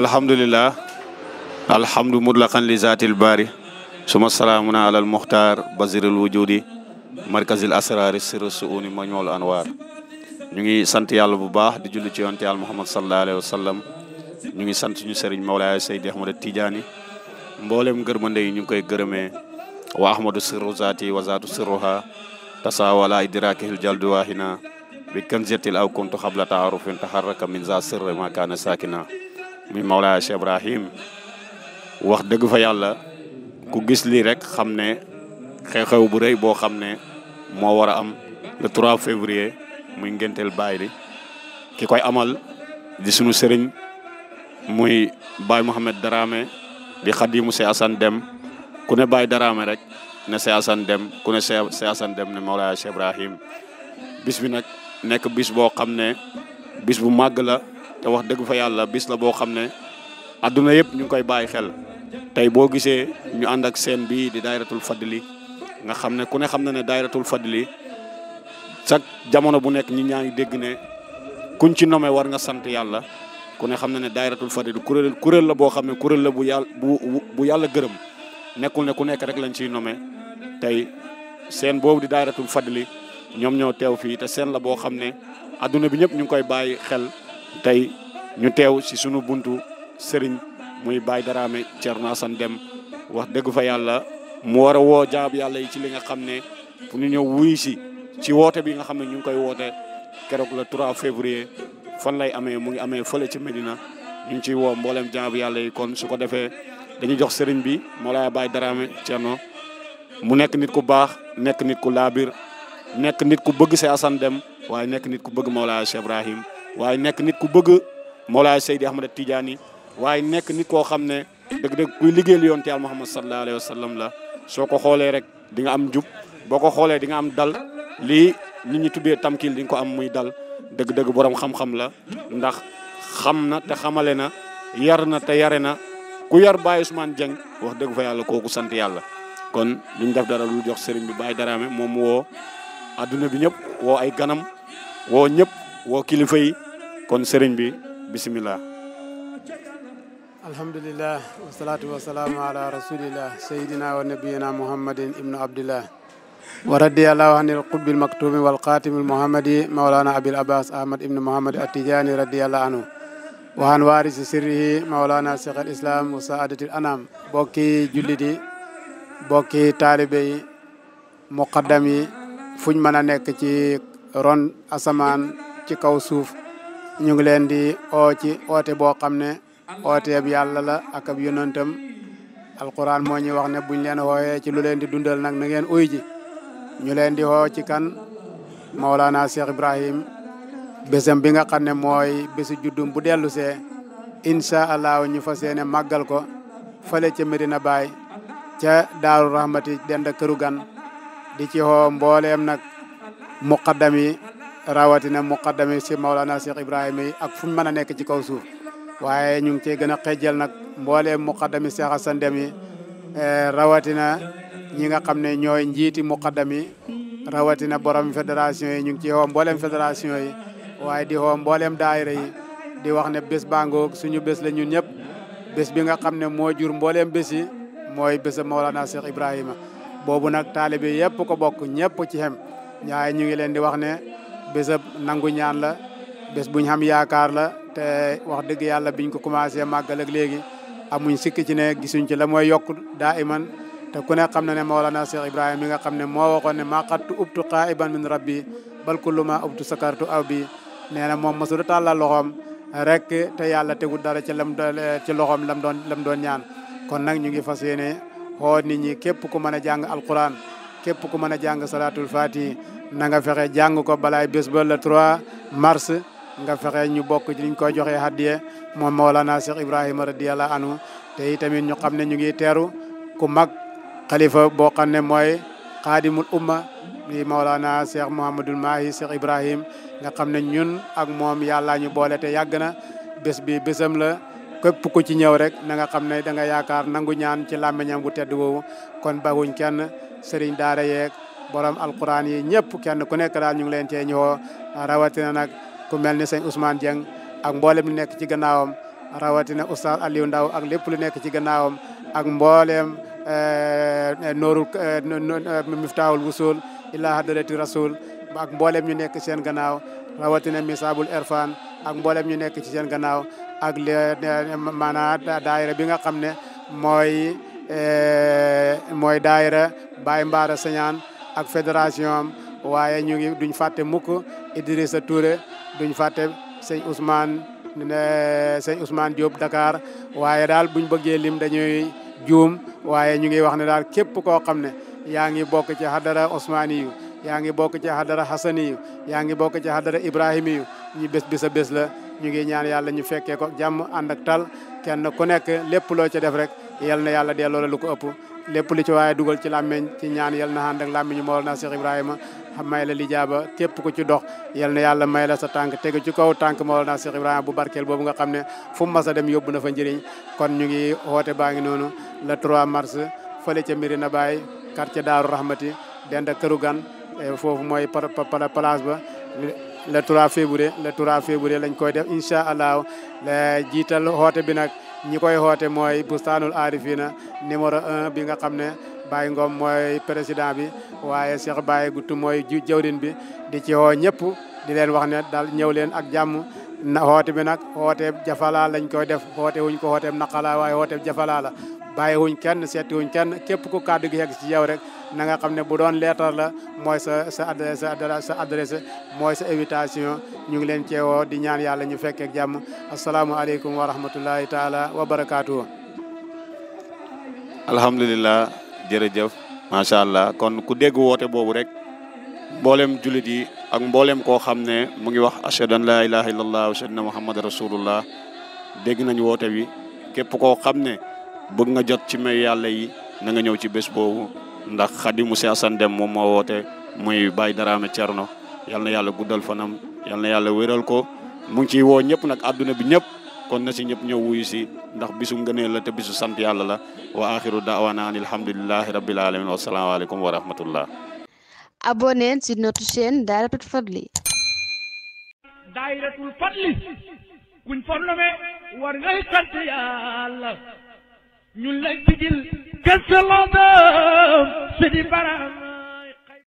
alhamdulilah alhamdu mutlaqan li zatil bari suma salaamuna alal muxtaar basiril wujudi markazil asraari sirru suuni mañool anwaar ñu ngi sant yàlla bu baax di julli ci yonte yàlla muhammad sallallahu alayhi wa sallam ñu ngi sant ñu sëriñ mawlaaya seydi ahmada tijaani mboolem ngërmande yi ñu ngi koy gërëmee wa ahmadu sirru zaati wa zaatu sirruha tasawala idrakihil jalduwahina bi kanzetil aw kuntu xabla taarufin taharraka min za sirri ma kaana sakina mi Mawlaaya Cheikh Ibrahim wax dëgg fa yàlla ku gis lii rek xam ne xew-xew bu rëy boo xam ne moo war a am le 3 février muy ngenteel baay li ki koy amal di sunu sëriñ muy Baye Mohamed Darame di xadimu Cheikh Assane Dème ku ne Baye Darame rek ne Cheikh Assane Dème ku ne Cheikh Assane Dème ne Mawlaaya Cheikh Ibrahim bis bi nag nekk bis boo xam ne bis bu màgg la te wax dëgg fa yàlla bis la boo xam ne adduna yëpp ñu ngi koy bàyyi xel tey boo gisee ñu ànd ak seen bii di daayratul fadli nga xam ne ku ne xam na ne daayratul fadli chaque jamono bu nekk ñi ñaa ngi dégg ne kuñ ci nommé war nga sant yàlla ku ne xam na ne daayratul fadli kuréel kuréel la boo xam ne kuréel la bu yàlla bu bu yàlla gërëm nekkul ne ku nekk rek lañ ciy nome tey seen boobu di daayratul fadli ñoom ñoo teew fii te seen la boo xam ne adduna bi ñëpp ñu ngi koy bàyyi xel tey ñu teew si sunu buntu sëriñ muy Baye Darame Thierno Assane dem wax dëgg fa yàlla mu war a woo jaab yàlla yi ci li nga xam ne fu ñu ñëw wuy si ci woote bi nga xam ne ñu ngi koy woote keroog la 3 février fan lay amee mu ngi amee fële ci Medina ñu ngi ciy woo mboolem jaab yàlla yi kon su ko defee dañuy jox sëriñ bi moo Mawlaaya Baye Darame Thierno mu nekk nit ku baax nekk nit ku laabir nekk nit ku bëgg see Assane dem waaye nekk nit ku bëgg Mawlaaya Cheikh waaye nekk nit ku bëgg moo Mawlaay Seydi Ahmad Tidiane waaye nekk nit koo xam ne dëgg-dëgg kuy liggéeyal yoon te al Muhammad sallallahu alayhi wa sallam la soo ko xoolee rek di nga am jub boo ko xoolee di nga am dal lii nit ñi tuddee tamkil di nga ko am muy dal dëgg-dëgg borom xam-xam la ndax xam na te xamale na yar na te yare na ku yar Baye Ousmane Dieng wax dëgg fa yàlla kooku sant yàlla kon liñ def dara lu jox sëriñ bi Baye Daraame moom woo adduna bi ñëpp woo ay ganam woo ñëpp kilifa yi kon sëriñ bi bisimilah. alhamdulilah wasalaatu wasalaamu ala rasulillah sayidina wa nabiyina muhammadin ibnu abdillah wa radiyallahu anil qutbil maktumi wal qatimil muhammadi maulana abil abbas ahmad ibnu muhammad attijani radiyallahu anhu wa an waarisi sirrihi maulana seexal islam wa saadatil anam bokki jullit bokki taalibe yi muqaddam mën nekk ci ron asamaan ci kaw suuf ñu ngi leen di oo ci oote boo xam ne ooteeb yàlla la akab ab yonantam alquran moo ñuy wax ne buñ leen wooyee ci lu leen di dundal nag na ngeen uy ji ñu leen di woo ci kan Maulana Cheikh Ibrahim bésam bi nga xam ne mooy bésu juddum bu dellu see incha allah ñu fa yéene màggal ko fale ci Medina Baye ca Daaru Rahmati dend këru gan di ci woo mbooleem nag muqaddam yi rawatina muqaddami si Maulana Cheikh Ibrahima yi ak fu mu mën a nekk ci kaw suuf waaye ñu ngi cee gën a xejjal nag mbooleem muqaddami Cheikh Assane Deme yi eh, rawatina ñi nga xam ne ñooy njiiti muqaddam yi rawatina borom fédération yi ñu ngi ci woo mbooleem fédération yi waaye di woo mbooleem daayira yi di wax ne bés bangoog suñu bés la ñun ñëpp bés bi nga xam ne moo jur mbooleem bés yi mooy bésa Maulana Cheikh Ibrahima bobu nag taalibe yëpp ko bokk ñëpp ci xem ñaay bésab nangu ñaan la bés buñ xam yaakaar la te wax dëgg yàlla biñ ko commencé màggal ak léegi amuñ sikk ci ne gisuñ ci la mooy yokk daa iman te ku ne xam na ne Mawlana Cheikh Ibrahima mi nga xam ne moo waxoon ne maa xattu ubtu qaa'iban min rabbi bal kullu maa ubtu sakartu aw bi nee na moom mosul tàllal loxoom rek te yàlla tegul dara ci lam ci loxoom lam doon lam doon ñaan kon nag ñu ngi fas yéene xool nit ñi képp ku mën a jàng alquran képp ku mën fatihi na nga fexe jàng ko balaay bés ba le 3 mars nga fexe ñu bokk ci liñ koy joxee hadiya moom Mawlana a Ibrahima radiyallahu anhu te tamit ñu xam ne ñu ngi teeru ku mag xalifa boo xam ne mooy xaadimul umma di Mawlana Cheikh Mouhamadul Mahi Cheikh Ibrahim nga xam ne ñun ak moom yàllaa ñu boole te yàgg na bés bi bésam la képp ku ci ñëw rek na nga xam ne da nga yaakaar nangu ñaan ci làmmiñam bu tedd woowu kon baguñ kenn sëriñ daara yeeg borom alquran yi ñëpp kenn ku nekk daal ñu ngi leen cee ñëwoo rawatina nag ku mel ni sëñ Ousmane Dieng ak mboolem lu nekk ci gannaawam rawatina oustaz Aliou Ndaw ak lépp lu nekk ci gannaawam ak mboolem eh, eh, nooru eh, miftaawul wusul illa hadrati rasul ak mboolem ñu nekk seen gannaaw rawatina misabul erfan ak mboolem ñu nekk ci seen gannaaw ak li maanaam daayira bi nga xam ne mooy mooy daayira Baye Mbaara Sañaan ak fédération am waaye ñu ngi duñ fàtte mukk Idrissa Touré duñ fàtte sëñ Ousmane sëñ Ousmane Diop Dakar waaye daal buñ bëggee lim dañuy juum waaye ñu ngi wax ne daal képp koo xam ne yaa ngi bokk ci hadara Ousmane yu yaa ngi bokk ci hadara Hassani yu yaa ngi bokk ci hadara Ibrahima yu ñu bés bi sa bés la ñu ngi ñaan yàlla ñu fekkee ko jàmm ànd ak tal kenn ku nekk lépp loo ca def rek yal na yàlla delloo la lu ko ëpp lépp li ci waaye dugal ci làmmeñ ci ñaan yal na ànd ak làmmeñu Mawlana Cheikh Ibrahima may la lijaaba képp ku ci dox yal na yàlla may la sa tànk tegu ci kaw tànk Mawlana Cheikh Ibrahima bu barkeel boobu nga xam ne fu mu dem yóbbu na fa njëriñ kon ñu ngi woote baa ngi noonu le 3 mars fële ca Mirina Baye quartier Daaru Rahmati dend ak këru gan e foofu mooy place ba le 3 février le 3 février lañ koy def incha la jiital woote bi nag ñi koy xoote mooy bustaanul aarifina numéro un bi nga xam ne Baye Ngom mooy président bi waaye Cheikh Baye Goutou mooy jawrin bi di ci woo ñëpp di leen wax ne daal ñëw leen ak jàmm na xoote bi nag xooteeb jafalaa lañ koy def xoote wuñ ko xooteeb naqalaa waaye xooteeb jafalaa la bàyyi wuñ kenn seeti wuñ képp ku kàddu gi yegg ci yow rek na nga xam ne bu doon leetar la mooy sa sa sa mooy sa invitation ñu ngi leen ceewoo di ñaan yàlla ñu fekkee ak jàmm asalaamualeykum wa rahmatullahi taala wa barakaatu. alhamdulilah jërëjëf macha allah kon ku dégg woote boobu rek mboolem jullit yi ak mboolem koo xam ne mu ngi wax ashhadu an laa ilaha illallah wa ashhadu anna muhammadan rasulullah dégg nañ woote bi képp koo xam ne bëgg nga jot ci may yàlla yi na nga ñëw ci bés boobu ndax xadimu si Assane Deme moom moo woote muy Baye Darame Thierno yal na yàlla guddal fanam yal na yàlla wéral ko mu ngi ciy woo ñëpp nag àdduna bi ñëpp kon na si ñëpp ñëw wuyu si ndax bisu ngëneel la te bisu sant yàlla la wa axiru daawana an rabbil alamin wa rahmatullah abonné si notre chaîne Dahiratoul Fadly Dahiratoul Fadly kuñ ñu la bijil gëstu loo doon